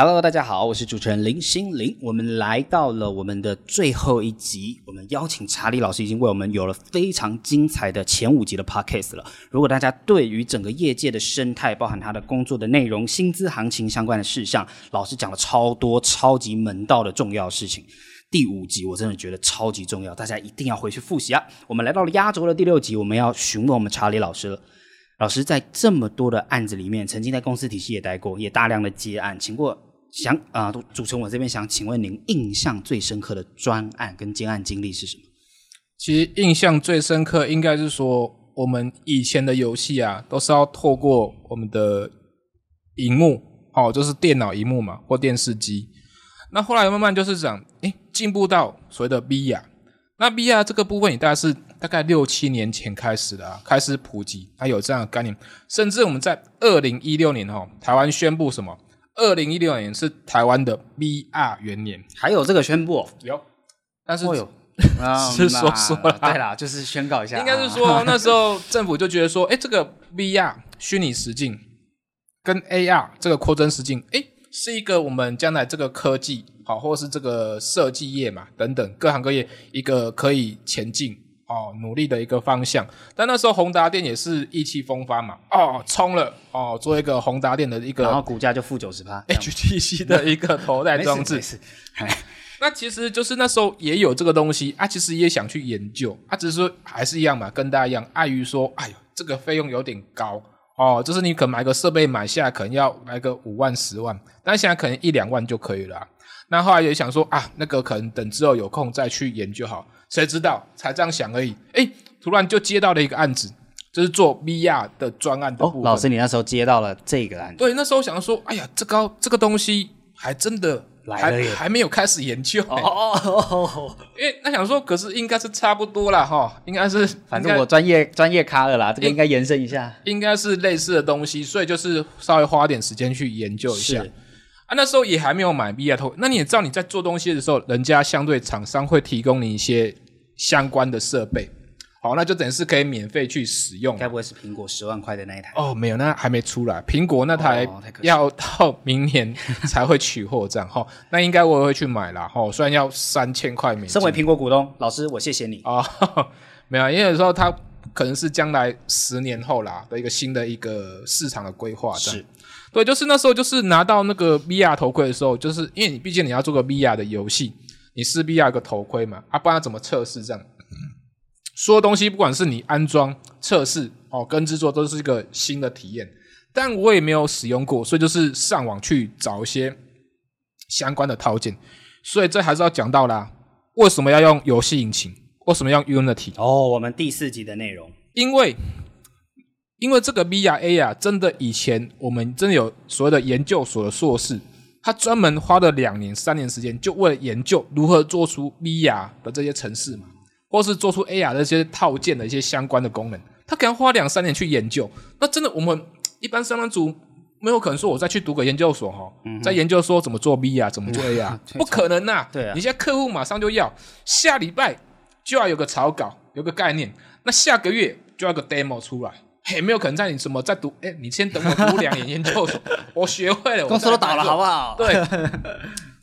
Hello，大家好，我是主持人林昕臨。我們來到了我們的最後一集，我們邀請查理老師已經為我們有了非常精彩的前五集的 podcast 了。如果大家對於整個業界的生態，包含他的工作的內容、薪資行情相關的事項，老師講了超多、超級門道的重要事情。第五集我真的覺得超級重要，大家一定要回去複習啊！我們來到了壓軸的第六集，我們要詢問我們查理老師了。老師在這麼多的案子裡面，曾經在公司體系也待過，也大量的接案，請過。想啊、呃，主持人我這邊想請問您，印象最深刻的專案跟接案經歷是什麼？其實印象最深刻應該是說，我們以前的遊戲啊，都是要透過我們的熒幕，哦，就是電腦熒幕嘛，或電視機。那後來慢慢就是講，哎，進步到所謂的 VR。那 VR 這個部分，也大概是大概六七年前開始的，啊，開始普及，它有這樣的概念。甚至我們在二零一六年哈、哦，台灣宣布什麼？二零一六年是台灣的 VR 元年，還有這個宣布，哦、有，但是有，啊、哦呦， 是說說了了對啦，啊、就是宣告一下，啊，應該是說那時候政府就覺得說，哎、 欸，這個 VR 虛擬實境跟 AR 這個擴增實境，哎、欸，是一個我們將來這個科技好，或是這個設計業嘛等等各行各業一個可以前進。哦，努力的一個方向，但那時候宏達電也是意氣風發嘛，哦，衝了，哦，做一個宏達電的一個，然後股價就負九十八，H T C 的一個頭戴裝置， 那其實就是那時候也有這個東西啊，其實也想去研究，啊，只是說還是一樣嘛，跟大家一樣，礙於說，哎呦，這個費用有點高，哦，就是你可能買個設備買下來可能要買個五萬十萬，但現在可能一兩萬就可以了，啊。那後來也想說啊，那個可能等之後有空再去研究好，誰知道才這樣想而已。哎，突然就接到了一個案子，就是做 VR 的專案的。哦，老師，你那時候接到了這個案子。對，那時候想說，哎呀，這個這個東西還真的還來了，還沒有開始研究哦，哦，哦，哦，哦。因為那想說，可是應該是差不多啦。哈，應該是應該反正我專業專業咖了啦，這個應該延伸一下，應該是類似的東西，所以就是稍微花點時間去研究一下。啊，那時候也還沒有買 VR 頭，那你也知道你在做東西的時候，人家相對廠商會提供你一些相關的設備，好，那就等於是可以免費去使用。該不會是蘋果十萬塊的那一台？哦，沒有，那還沒出來，蘋果那台哦哦要到明年才會取貨，這樣哈、 哦。那應該我也會去買啦。哈、哦，雖然要三千塊美元。身為蘋果股東，老師，我謝謝你啊、哦。沒有，因為有時候它可能是將來十年後啦的一個新的一個市場的規劃是。對，就是那時候，就是拿到那個 VR 頭盔的時候，就是因為你畢竟你要做個 VR 的遊戲，你是 VR 個頭盔嘛，啊，不然怎麼測試這樣？說的東西，不管是你安裝、測試哦，跟製作都是一個新的體驗。但我也沒有使用過，所以就是上網去找一些相關的套件。所以這還是要講到啦，為什麼要用遊戲引擎？為什麼要用 Unity？哦，我們第四集的內容，因為。因為這個 V R A R 呀，真的以前我們真的有所謂的研究所的碩士，他專門花了兩年、三年時間，就為了研究如何做出 V R 的這些程式嘛，或是做出 A R 這些套件的一些相關的功能，他可能花兩三年去研究。那真的我們一般上班族沒有可能說，我再去讀個研究所哈，再研究說怎麼做 V R、怎麼做 A R，嗯哼，不可能吶，啊。對啊，你現在客戶馬上就要，下禮拜就要有個草稿，有個概念，那下個月就要個 demo 出來。也沒有可能在你什麼在讀，哎，你先等我讀兩年研究所， 我學會了，公司都倒了好不好？對，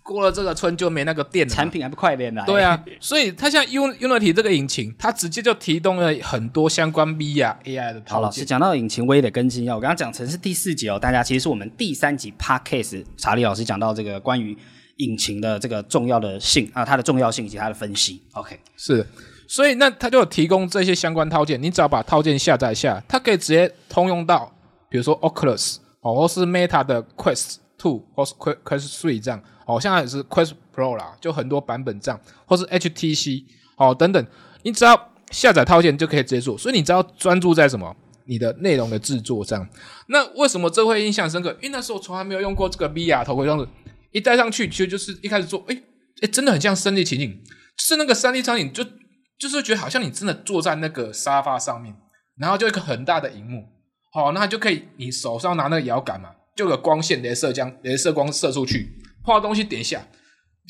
過了這個村就沒那個店了。產品還不快點來？對啊， 所以它像 Unity 這個引擎，它直接就提供了很多相關 VR AI 的。好，老師講到引擎我也得更新一下，啊。我剛剛講成是第四集哦，大家其實是我們第三集 Podcast 查理老師講到這個關於引擎的這個重要的性啊，它的重要性以及它的分析。OK，是。所以那它就有提供這些相關套件，你只要把套件下載下，它可以直接通用到，比如說 Oculus 哦，或是 Meta 的 Quest Two 或是 Quest Three 這樣哦，現在也是 Quest Pro 啦，就很多版本這樣，或是 HTC 哦等等，你只要下載套件就可以直接做。所以你只要專注在什麼，你的內容的制作上。那為什麼這會印象深刻？因為那時候從來沒有用過這個 VR 頭盔，這樣子一戴上去，其實就是一開始做，誒誒，真的很像 3D 情景，是那個 3D 場景就。就是覺得好像你真的坐在那個沙發上面，然後就一個很大的螢幕，好、哦，那就可以你手上拿那個搖桿嘛，就有個光線雷射槍、鐳射槍鐳射光射出去，畫東西點一下，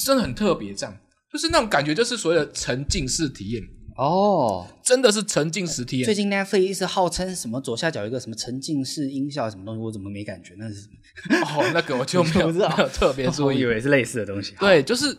真的很特別，這樣就是那種感覺，就是所謂的沉浸式體驗哦，真的是沉浸式體驗。最近 Netflix 是號稱什麼左下角一個什麼沉浸式音效什麼東西，我怎麼沒感覺？那是哦，那個我就沒有，是是，啊、沒有特別注意，我以為是類似的東西。嗯、好對，就是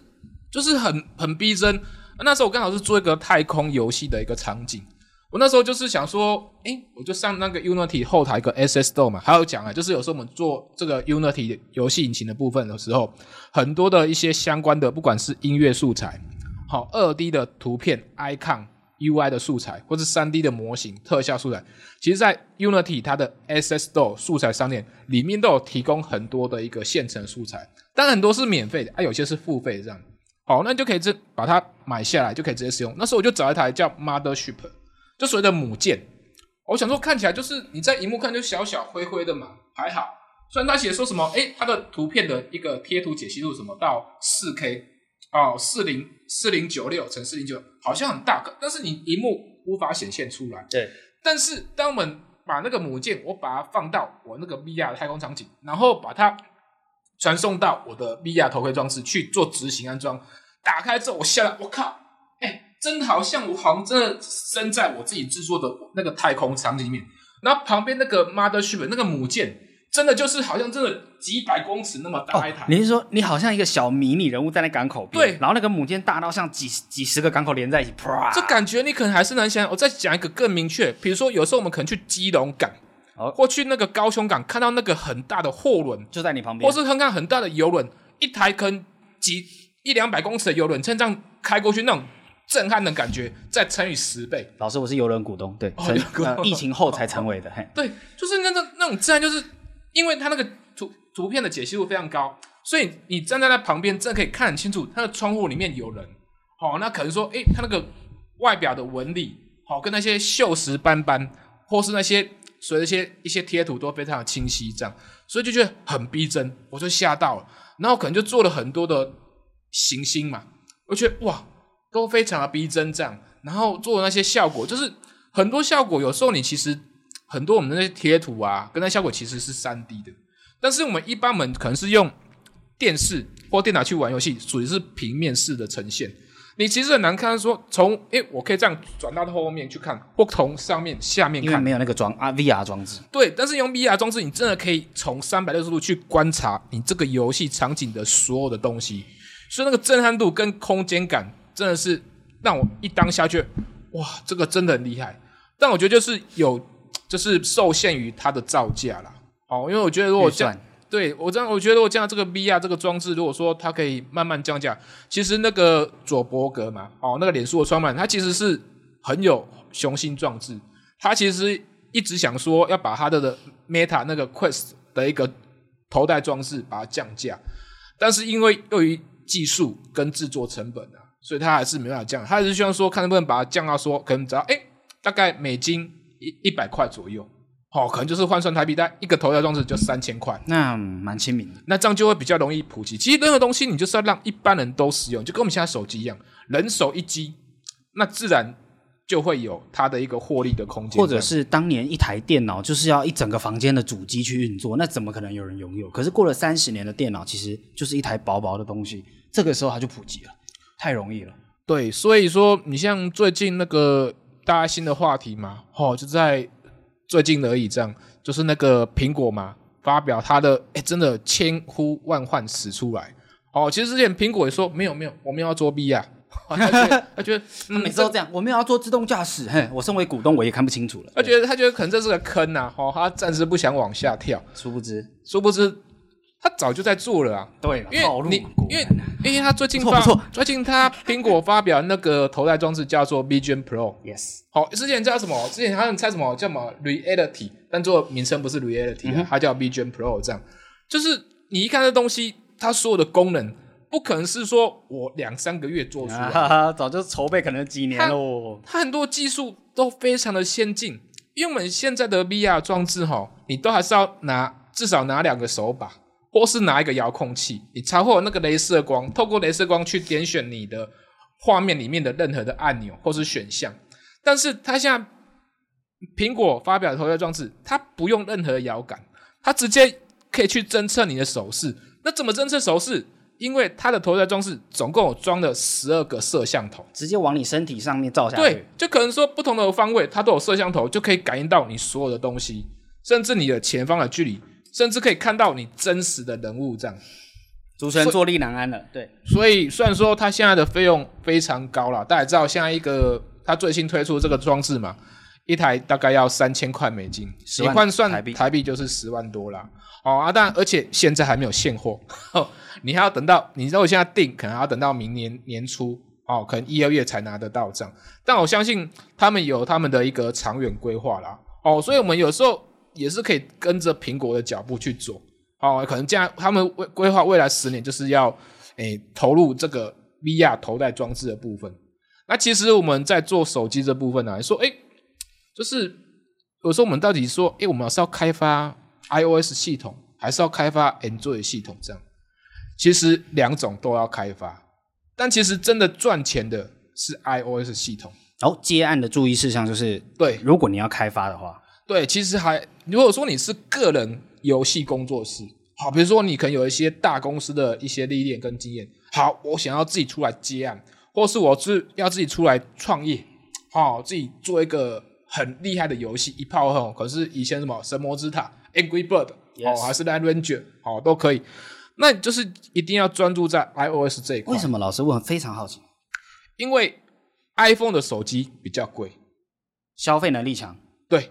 就是很很逼真。啊、那時候我剛好是做一個太空遊戲的一個場景，我那時候就是想說，誒、欸，我就上那個 Unity 後台一個 Asset Store 嘛，還有講啊，就是有時候我們做這個 Unity 遊戲引擎的部分的時候，很多的一些相關的，不管是音樂素材、好、2D 的圖片、icon、UI 的素材，或是 3D 的模型、特效素材，其實在 Unity 它的 Asset Store 素材商店裡面都有提供很多的一個現成素材，但很多是免費的，啊，有些是付費的，這樣。好，那你就可以直把它買下來，就可以直接使用。那時候我就找一台叫 Mother Ship，就所謂的母艦。我想說，看起來就是你在螢幕看就小小灰灰的嘛，還好。雖然它寫說什麼，誒、欸、它的圖片的一個貼圖解析度什麼到四 K，哦、呃，四零四零九六乘四零九好像很大個，但是你螢幕無法顯現出來。對。但是當我們把那個母艦，我把它放到我那個 VR 的太空場景，然後把它。傳送到我的 VR 頭盔裝置去做執行安裝，打開之後我下來，我靠，哎、欸，真的好像我好像真的身在我自己製作的那個太空艙裡面。然後旁邊那個 Mother Ship 那個母艦，真的就是好像真的幾百公尺那麼大一台。哦、你是說你好像一個小迷你人物在那港口？對，然後那個母艦大到像幾幾十個港口連在一起，啪、啊！這感覺你可能還是能想，我再講一個更明確，比如說有時候我們可能去基隆港。哦、或去那個高雄港看到那個很大的貨輪，就在你旁邊；或是看看很大的遊輪，一台坑幾一兩百公尺的遊輪，趁這樣開過去那種震撼的感覺，再乘以十倍。老師，我是遊輪股東，對，疫情後才成為的。哦、嘿對，就是那那那種震撼，就是因為它那個圖圖片的解析度非常高，所以你站在那旁邊，真的可以看很清楚它的窗戶裡面有人。好、哦，那可能說，誒、欸，它那個外表的紋理，好、哦，跟那些鏽蝕斑斑，或是那些。所以一些一些貼圖都非常的清晰，這樣，所以就覺得很逼真，我就嚇到了。然後可能就做了很多的行星嘛，我覺得哇，都非常的逼真這樣。然後做了那些效果，就是很多效果，有時候你其實很多我們的那些貼圖啊，跟那效果其實是三 D 的，但是我們一般人可能是用電視或電腦去玩遊戲，屬於是平面式的呈現。你其實很難看，說從誒，我可以這樣轉到後面去看，不同上面、下面看，因為沒有那個裝啊 VR 裝置。對，但是用 VR 裝置，你真的可以從三百六十度去觀察你這個遊戲場景的所有的東西，所以那個震撼度跟空間感真的是讓我一當下去，哇，這個真的很厲害。但我覺得就是有，就是受限於它的造價啦。哦，因為我覺得如果這樣。對我這樣，我覺得我這樣這個 VR、這個裝置，如果說它可以慢慢降價，其實那個佐伯格嘛，哦，那個臉書的創辦人，他其實是很有雄心壯志，他其實一直想說要把他的 Meta 那個 Quest 的一個頭戴裝置把它降價，但是因為由於技術跟製作成本啊，所以他還是沒辦法降，他還是希望說看能不能把它降到說可能只要哎，大概美金一一百塊左右。哦，可能就是換算台幣，但一個頭戴裝置就三千塊，那蠻親民的。那這樣就會比較容易普及。其實任何東西，你就是要讓一般人都使用，就跟我們現在手機一樣，人手一機，那自然就會有它的一個獲利的空間。或者是當年一台電腦就是要一整個房間的主機去運作，那怎麼可能有人擁有？可是過了三十年的電腦，其實就是一台薄薄的東西，這個時候它就普及了，太容易了。對，所以說你像最近那個大家新的話題嘛，哦，就在。最近而已，這樣就是那個蘋果嘛，發表他的，哎、欸，真的千呼萬喚始出來。哦,其實之前蘋果也說沒有沒有，我們要做 VR 啊。他覺得他每次都這樣，我們要做自動駕駛。嘿，我身為股東，我也看不清楚了。他覺得對他覺得可能這是個坑吶、啊，哦，他暫時不想往下跳。殊不知，殊不知。他早就在做了啊，對吧，因為你因為因為他最近發，最近他蘋果發表那個頭戴裝置叫做 Vision Pro，yes，好、哦，之前叫什麼？之前好像猜什麼叫什麼 Reality，但做名稱不是 Reality 它、啊嗯、哼叫 Vision Pro，這樣就是你一看這東西，它所有的功能不可能是說我兩三個月做出來，啊、早就籌備可能幾年了哦，它很多技術都非常的先進，因為我們現在的 VR 裝置哈，你都還是要拿至少拿兩個手把。或是拿一個遙控器，你操控那個鐳射光，透過鐳射光去點選你的畫面裡面的任何的按鈕或是選項。但是它現在蘋果發表的頭戴裝置，它不用任何搖桿，它直接可以去偵測你的手勢。那怎麼偵測手勢？因為它的頭戴裝置總共有裝了十二個攝像頭，直接往你身體上面照下去。對，就可能說不同的方位，它都有攝像頭，就可以感應到你所有的東西，甚至你的前方的距離。甚至可以看到你真實的人物這樣，主持人坐立難安了。對，所以雖然說他現在的費用非常高啦，大家知道現在一個他最新推出這個裝置嘛，一台大概要三千塊美金，你換算台幣，台幣就是十萬多啦。哦，啊，但而且現在還沒有現貨，你還要等到你如果現在訂，可能要等到明年年初哦，可能一二月才拿得到這樣。但我相信他們有他們的一個長遠規劃啦。哦，所以我們有時候。也是可以跟着蘋果的腳步去做哦，可能這樣他們規規劃未來十年就是要誒、欸、投入這個 VR 頭戴裝置的部分。那其實我們在做手機這部分呢、啊，說誒、欸，就是有時候我們到底說，誒、欸，我們是要開發 iOS 系統，還是要開發 Android 系統這樣？其實兩種都要開發，但其實真的賺錢的是 iOS 系統。然後、哦、接案的注意事項就是，對，如果你要開發的話。對，其實還如果說你是個人遊戲工作室，好，比如說你可能有一些大公司的一些歷練跟經驗，好，我想要自己出來接案，或是我是要自己出來創業，好、哦，自己做一個很厲害的遊戲，一炮而紅，可是以前什麼神魔之塔、Angry Bird，Yes. 哦，還是 Line Ranger，好、哦，都可以，那你就是一定要專注在 iOS 這一塊。為什麼老師我非常好奇？因為 iPhone 的手機比較貴，消費能力強，對。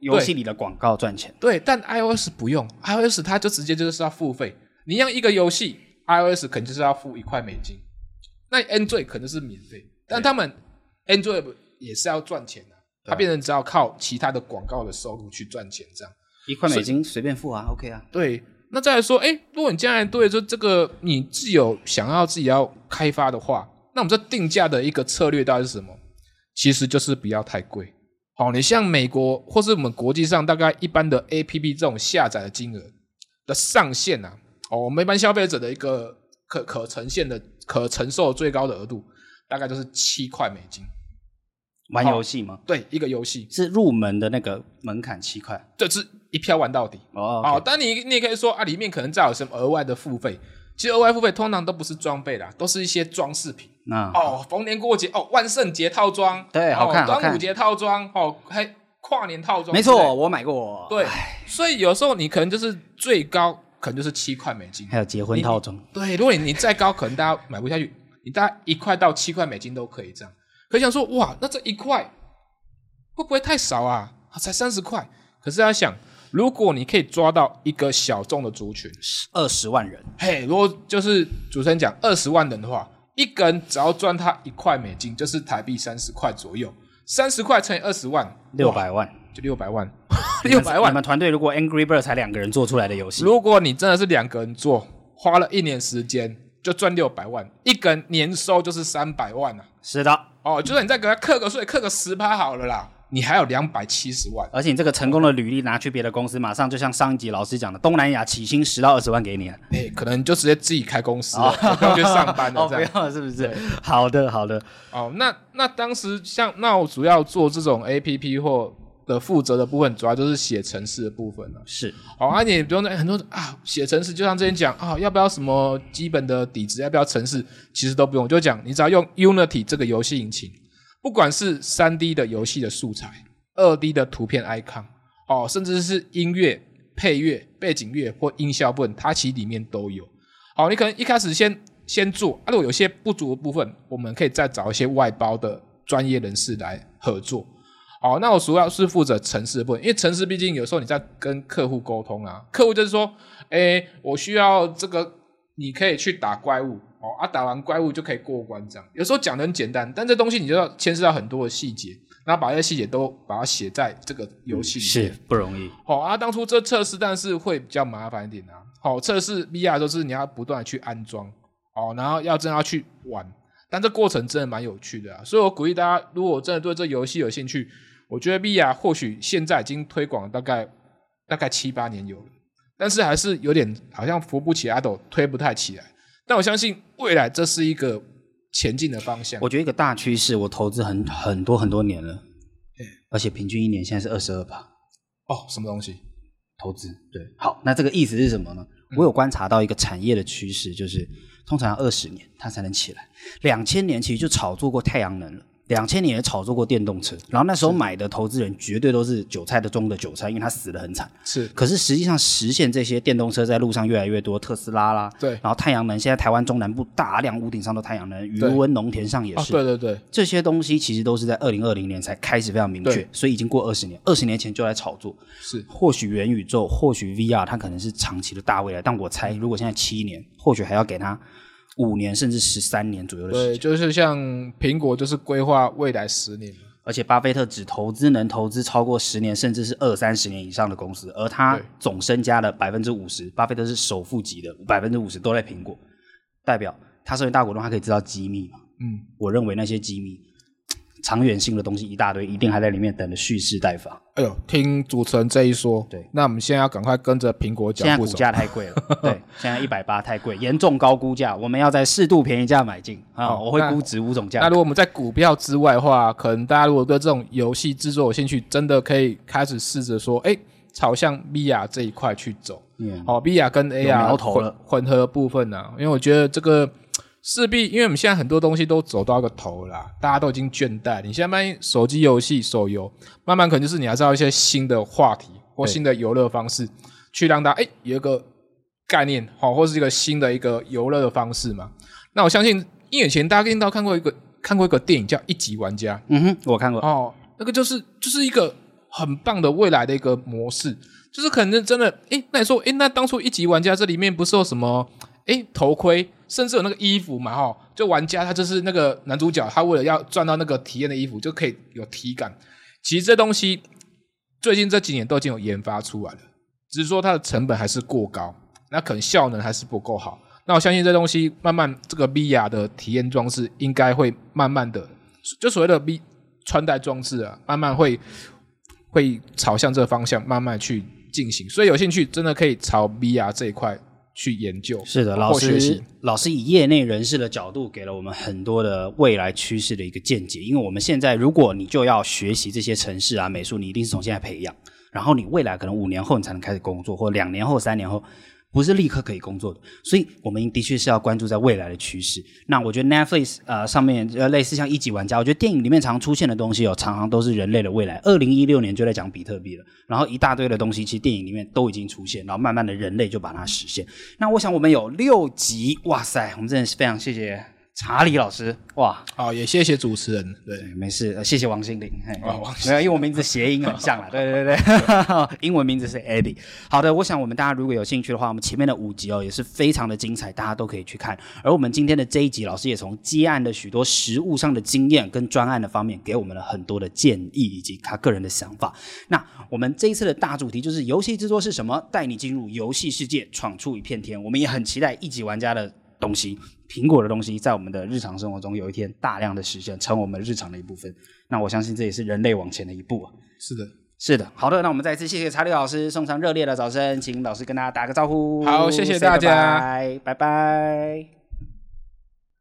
遊戲對裡的廣告賺錢，對，但 iOS 不用 iOS，它就直接就是要付費。你讓一,一個遊戲 iOS 肯定是要付一塊美金，那 Android 可能是免費，但他們 Android 也是要賺錢的、啊，對它變成只要靠其他的廣告的收入去賺錢這樣。對以一塊美金隨便付啊，OK 啊。對，那再來說，哎、欸，如果你將來對說這個你自有想要自己要開發的話，那我們這定價的一個策略到底是什麼？其實就是不要太貴。哦，你像美國或是我們國際上大概一般的 APP 這種下載的金額的上限啊，哦，我們一般消費者的一個可可呈現的可承受最高的額度，大概就是七塊美金。玩遊戲嗎？哦，對，一個遊戲是入門的那個門檻七塊，就是一票玩到底。Oh, okay. 哦，好，但你你也可以說啊，裡面可能再有什麼額外的付費。其實額外付費通常都不是裝備啦，都是一些裝飾品。啊、嗯、哦，逢年過節哦，萬聖節套裝，對，哦、好看；端午節套裝，看哦，還跨年套裝。沒錯錯，對我買過。對，唉所以有時候你可能就是最高可能就是七塊美金，還有結婚套裝。對，如果你再高，可能大家買不下去。 你大概一塊到七塊美金都可以這樣。可以想說，哇，那這一塊會不會太少啊？才三十塊，可是要想。如果你可以抓到一個小眾的族群，二十萬人，嘿，如果就是主持人講二十萬人的話，一個人只要賺他一塊美金，就是台幣三十塊左右，三十塊乘以二十萬，六百萬，就六百萬，六百們 萬。你們團隊如果 Angry Bird 才兩個人做出來的遊戲，如果你真的是兩個人做，花了一年時間就賺六百萬，一個人年收就是三百萬了、啊。是的，哦，就是你再給他課個稅，課個十趴好了啦。你還有兩百七十萬，而且你這個成功的履歷拿去別的公司，馬上就像上一集老師講的，東南亞起薪十到二十萬給你了、欸，可能就直接自己開公司了，就、哦、上班了，這樣、哦、不、是不是？對好的，好的。哦，那那當時像那我主要做這種 A P P 或的負責的部分，主要就是寫程式的部分了。是，好、哦，那、啊、你不用在很多啊，寫程式就像之前講啊、哦，要不要什麼基本的底子，要不要程式，其實都不用，就講你只要用 Unity 這個遊戲引擎。不管是三 D 的遊戲的素材、二 D 的圖片、icon，哦，甚至是音樂、配樂、背景樂或音效部分，它其實裡面都有。哦，你可能一開始先先做、啊，如果有些不足的部分，我們可以再找一些外包的專業人士來合作。哦，那我主要是負責程式的部分，因為程式畢竟有時候你在跟客戶溝通啊，客戶就是說，誒、欸，我需要這個。你可以去打怪物，哦啊，打完怪物就可以過關，這樣。有時候講的很簡單，但這東西你就要牽涉到很多的細節，然後把這些細節都把它寫在這個遊戲，裡、嗯、是不容易。好、哦、啊，當初這測試，但是會比較麻煩一點啊。好、哦，測試 VR 都是你要不斷的去安裝，哦，然後要真的要去玩，但這過程真的蠻有趣的啊。所以我鼓勵大家，如果真的對這遊戲有興趣，我覺得 VR 或許現在已經推廣了大概大概七八年有了。但是還是有點好像扶不起阿斗，推不太起來。但我相信未來這是一個前進的方向。我覺得一個大趨勢，我投資很很多很多年了，欸、而且平均一年現在是二十二吧。哦，什麼東西？投資，對。好，那這個意思是什麼呢？嗯、我有觀察到一個產業的趨勢，就是、嗯、通常二十年它才能起來。兩千年其實就炒作過太陽能了。兩千年也炒作過電動車，然後那時候買的投資人絕對都是韭菜的中的韭菜，因為他死得很慘。是，可是實際上實現這些電動車在路上越來越多，特斯拉啦，對，然後太陽能現在台灣中南部大量屋頂上的太陽能，餘溫農田上也是，對，啊、對對對，這些東西其實都是在二零二零年才開始非常明確，對所以已經過二十年，二十年前就在炒作。是，或許元宇宙，或許 VR，它可能是長期的大未來，但我猜如果現在七年，或許還要給它。五年甚至十三年左右的時間，對，就是像蘋果，就是規劃未來十年。而且，巴菲特只投資能投資超過十年，甚至是二三十年以上的公司。而他總身家的百分之五十，巴菲特是首富級的，百分之五十都在蘋果。代表他身為大股東，他可以知道機密嘛？嗯，我認為那些機密。長遠性的東西一大堆，一定還在裡面等着蓄勢待發。哎呦，聽主持人這一說，對，那我們現在要趕快跟着蘋果走。現在股價太貴了， 對，現在一百八太貴，嚴重高估價，我們要在適度便宜價買進啊、嗯哦！我會估值五種價。那如果我們在股票之外的話，可能大家如果對這種遊戲製作有興趣，真的可以開始試着說，哎、欸，朝向 VR 這一塊去走。嗯，好、哦，VR 跟 AR 混頭混合的部分啊，因為我覺得這個。勢必，因為我們現在很多東西都走到個頭了啦，大家都已經倦怠。你現在，賣手機遊戲、手遊慢慢可能就是你要知道一些新的話題或新的遊樂方式，嘿去讓大家哎有一個概念，好、哦，或是一個新的一個遊樂的方式嘛。那我相信，一兩年前大家應該看過一個看過一個電影叫《一級玩家》，嗯哼，我看過哦，那個就是就是一個很棒的未來的一個模式，就是可能真的哎，那你說哎，那當初《一級玩家》這裡面不是有什麼哎頭盔？甚至有那個衣服嘛哈，就玩家他就是那個男主角，他為了要賺到那個體驗的衣服，就可以有體感。其實這東西最近這幾年都已經有研發出來了，只是說它的成本還是過高，那可能效能還是不夠好。那我相信這東西慢慢這個 VR 的體驗裝置應該會慢慢的，就所謂的 V，穿戴裝置啊，慢慢會會朝向這個方向慢慢去進行。所以有興趣真的可以朝 VR 這一塊。去研究。是的，老師老師以業內人士的角度給了我們很多的未來趨勢的一個見解。因為我們現在，如果你就要學習這些程式啊美術，你一定是從現在培養，然後你未來可能五年後你才能開始工作，或兩年後、三年後。不是立刻可以工作的，所以我們的確是要關注在未來的趨勢。那我覺得 Netflix 啊、呃、上面呃類似像一級玩家，我覺得電影裡面常常出現的東西、哦、常常都是人類的未來。二零一六年就在講比特幣了，然後一大堆的東西，其實電影裡面都已經出現，然後慢慢的人類就把它實現。那我想我們有六集，哇塞，我們真的是非常謝謝。查理老師，哇！好，哦，也謝謝主持人。對，對沒事，啊，謝謝王心凌。沒有，因為我名字諧音很像啊。 對對對哈對 英文名字是 Eddie。好的，我想我們大家如果有興趣的話，我們前面的五集哦也是非常的精彩，大家都可以去看。而我們今天的這一集，老師也從接案的許多實務上的經驗跟專案的方面，給我們了很多的建議以及他個人的想法。那我們這一次的大主題就是遊戲制作是什麼？帶你進入遊戲世界，闖出一片天。我們也很期待一級玩家的東西，蘋果的東西，在我們的日常生活中，有一天大量的實現，成為我們日常的一部分。那我相信這也是人類往前的一步啊。是的，是的。好的，那我們再次謝謝查理老師，送上熱烈的掌聲，請老師跟大家打個招呼。好，謝謝大家，拜拜。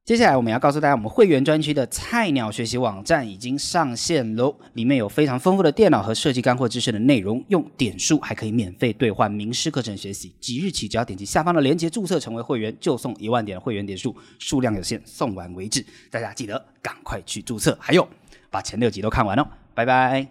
接下來我們要告訴大家，我們會員專區的菜鳥學習網站已經上線嘍！裡面有非常豐富的電腦和設計乾貨知識的內容，用點數還可以免費兌換名師課程學習。即日起，只要點擊下方的鏈接注冊成為會員，就送一萬點的會員點數，數量有限，送完為止。大家記得趕快去注冊！還有，把前六集都看完哦。拜拜。